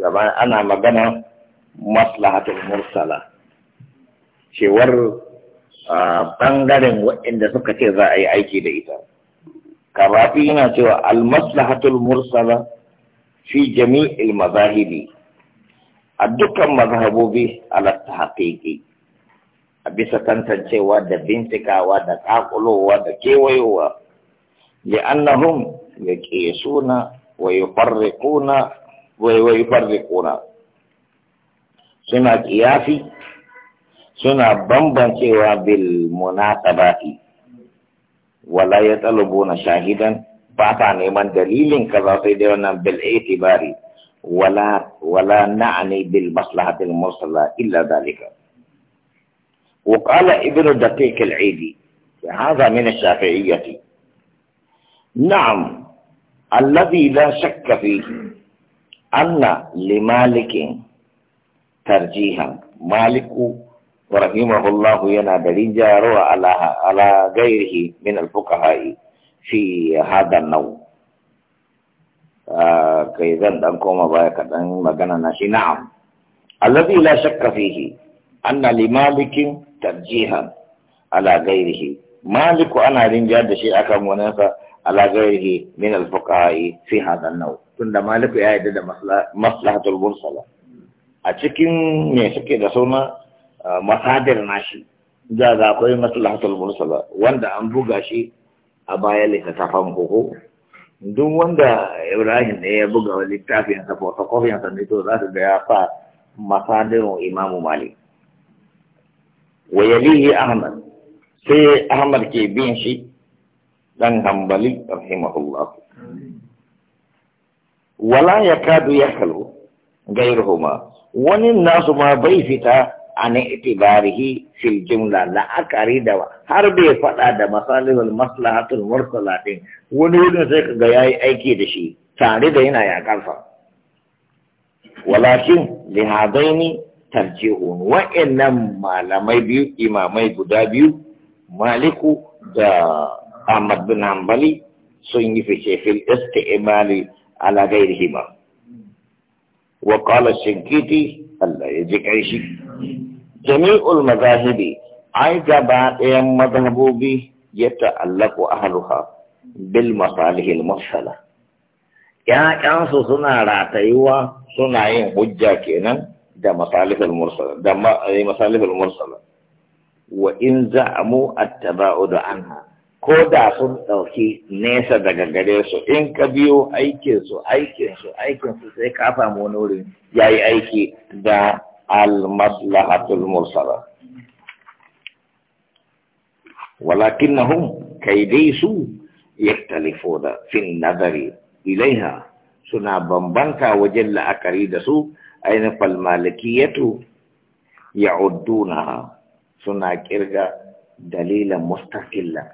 gaba ana magana maslahatul mursala cewar bangaren waɗanda suka ce za a yi aiki da ita karafi yana cewa almaslahatul mursala fi jami'il mazahibi a dukkan mazhabobi ala tahqiqi a bisa tantancewa da bincikawa da ƙaƙulowa da kewayowa li annahum yaqisuna wa yufarriquna ويبرقونا سنة إيافي سنة بمبن سوى بالمناسبات ولا يطلبون شاهدا فأتى نيمان دليل كذا سيدنا بالاعتبار ولا ولا نعني بالمصلحة المرسلة إلا ذلك وقال ابن دقيق العيدي هذا من الشافعية نعم الذي لا شك فيه anna malikin tarjihan maliku rahimahullahu yana da rinjarwa ala ala gairihi min alfuqaha'i fi hada nau ah, kai zan dan koma baya kaɗan magana na shi na'am allazi la shakka fihi anna li malikin tarjihan ala gairihi maliku ana rinjar da shi akan wani sa ala gairihi min alfuqaha'i fi hada nau tunda maliku ya yadda da maslahatul mursala a cikin me suke da suna uh, masadir nashi da ga akwai maslahatul mursala wanda an buga shi a baya littattafan koko duk wanda ibrahim ne ya buga wa littafin sa ne to za su da ya fa masadirun imamu malik wa yalihi ahmad sai ahmad ke bin shi dan hambali rahimahullah wala ya kadu ya kalu huma wani nasu ma bai fita a an itibarihi fil jumla la'akari da har bai faɗa da masalihul maslahatul mursalatin wani wurin sai kaga yayi aiki da shi tare da yana ya karfa walakin li hadaini tarjihun wa'annan malamai biyu imamai guda biyu maliku da ahmad bin hanbali sun yi fice fil istimali على غيرهما وقال الشنكيتي الله يجيك عيشي جميع المذاهب أي جبات مذهبوبي يتعلق أهلها بالمصالح المفصلة يا كانسو سنا راتيوا سنا ين حجة كينا دا مصالح المرسلة دا مصالح المرسلة وإن زعموا التباعد عنها ko da sun ɗauki nesa daga gare su in ka biyo aikinsu aikinsu aikinsu sai ka samu wani ya yi aiki da almaslahatul mursala walakin na hun kai dai su ya talifo da fin nazari ilaiha suna bambanta wajen la'akari da su ainihin malikiyatu Ya'uduna suna kirga dalilan mustaqilla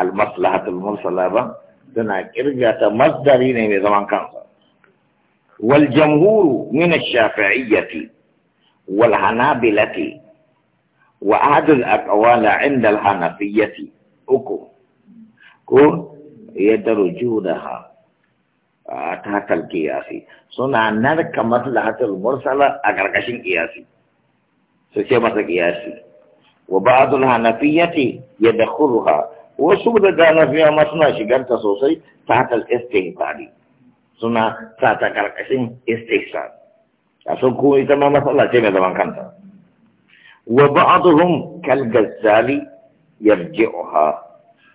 المصلحة المرسلة دنا كرجة مصدرين من زمان كانسا والجمهور من الشافعية والحنابلة وأحد الأقوال عند الحنفية أكو كون يدرجونها آه، تحت القياس سنة نرك مصلحة المرسلة أكركشن قياسي سيما قياسي وبعض الحنفية يدخلها wasu daga nafiya ma suna shiganta sosai ta hatar istihbari suna sa ta karkashin istihsan a sun kuma ita ma matsala ce mai zaman kanta wa ba'aduhum kal gazzali yarji'uha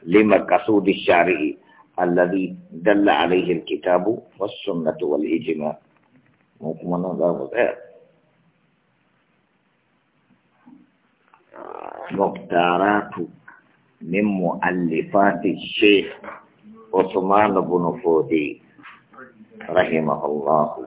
lima qasudi shari'i alladhi dalla alayhi al-kitabu was sunnatu wal ijma mu kuma nan za mu tsaya مختارات من مؤلفات الشيخ عثمان بن فودي رحمه الله